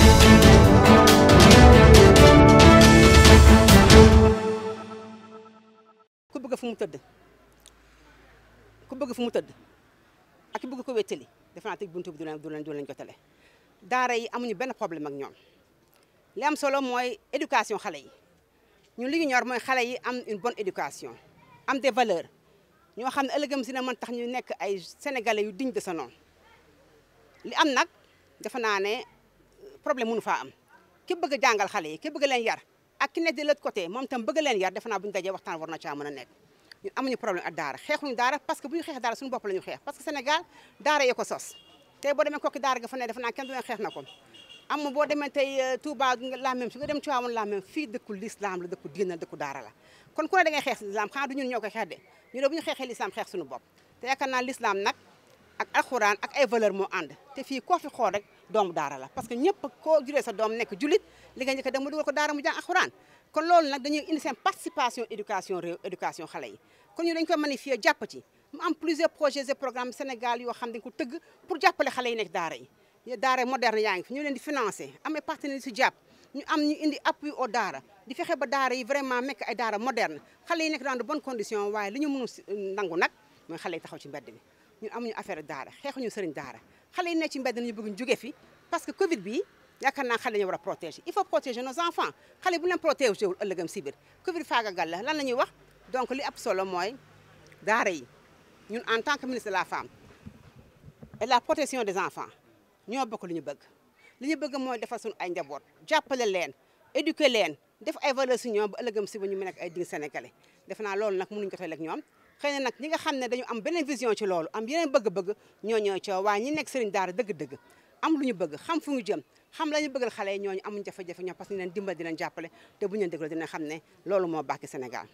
ku bëgg fu mu tëdd ku bëgg fu mu tëdd ak bëgg ko wéttali defe naa tëj buntu bi du leen du leen du leen daara yi amuñu benn problème ak ñoom li am solo mooy éducation xale yi ñun li ñu ñor mooy xale yi am une bonne éducation am des valeur ñoo xam ne ëllëgëm si na mën tax ñu nekk ay sénégalais yu digne de ce li am nag defe naa problème mënu fa am ki bëgg a jàngal xale yi ki bëgg leen yar ak ki nekk de l'autre côté moom tam bëgg leen yar defe naa bu ñu dajee waxtaan war na caa mën a nekk ñun amuñu problème ak daara xeexuñu daara parce que bu ñu xeex daara suñu bopp la ñu xeex parce que Sénégal daara yee ko sos tey boo demee kokki daara ga fa kenn du ne xeex na ko am tey euh, Touba la même su dem Tivaouane la même fii dëkku l'islam la dëkku diina dëkku ku ne da ngay xeex l'islam xanaa du ñun ñoo koy xeex de ñu ne bu ñu xeexee l'islam xeex suñu bopp te yaakaar naa l'islam nag ak alxuraan ak ay valeur moo ànd te fii koo fi xool rek doomu daara la parce que ñëpp ko juree sa doom nekk julit li nga njëkk dem mu dugal ko daara mu jàng alxuraan kon loolu nag dañuy indi seen participation éducation réew éducation yi kon ñu dañ koy magnifier jàpp ci mu am plusieurs projets et programmes Sénégal yoo xam dañ ko tëgg pour jàppale xale yi nekk daara yi daara moderne yaa ngi fi ñu leen di financer amee partenaires yu jàpp ñu am ñu indi appui au daara di fexe ba daara yi vraiment mekk ay daara moderne yi nekk dans de bonnes conditions waaye li ñu mënu nangu nag mooy xale yi taxaw ci mbedd mi ñun amuñu affaire daara ñu sëriñ daara xale yi ne ci mbedd nañu bëgg ñu jóge fi parce que Covid bi yaakaar naa xale ñu war a protéger il faut protéger nos enfants xale bu leen protéger wul ëllëgam si biir Covid faagagal la lan la ñuy wax donc li ab solo mooy daara yi ñun en tant que ministre de la femme et la protection des enfants ñoo bokk li ñu bëgg li ñu bëgg mooy defar suñu ay njaboot jàppale leen éduquer leen def ay valeurs si ñoom ba ëllëgam si ñu mën nekk ay digg sénégalais def naa loolu nag mënuñu ko teel ak ñoom xëy nag ñi nga xam ne dañu am beneen vision ci loolu am yeneen bëgg-bëgg ñoo ñoo ca waaye ñi nekk sëriñ daara dëgg-dëgg am lu ñu bëgg xam fu ñu jëm xam la ñu bëggal xale yi ñooñu amuñ jafe-jafe ñoom parce que ñu leen dimbal dinañ jàppale te bu ñu leen dégloo dinañ xam ne loolu moo baax senegal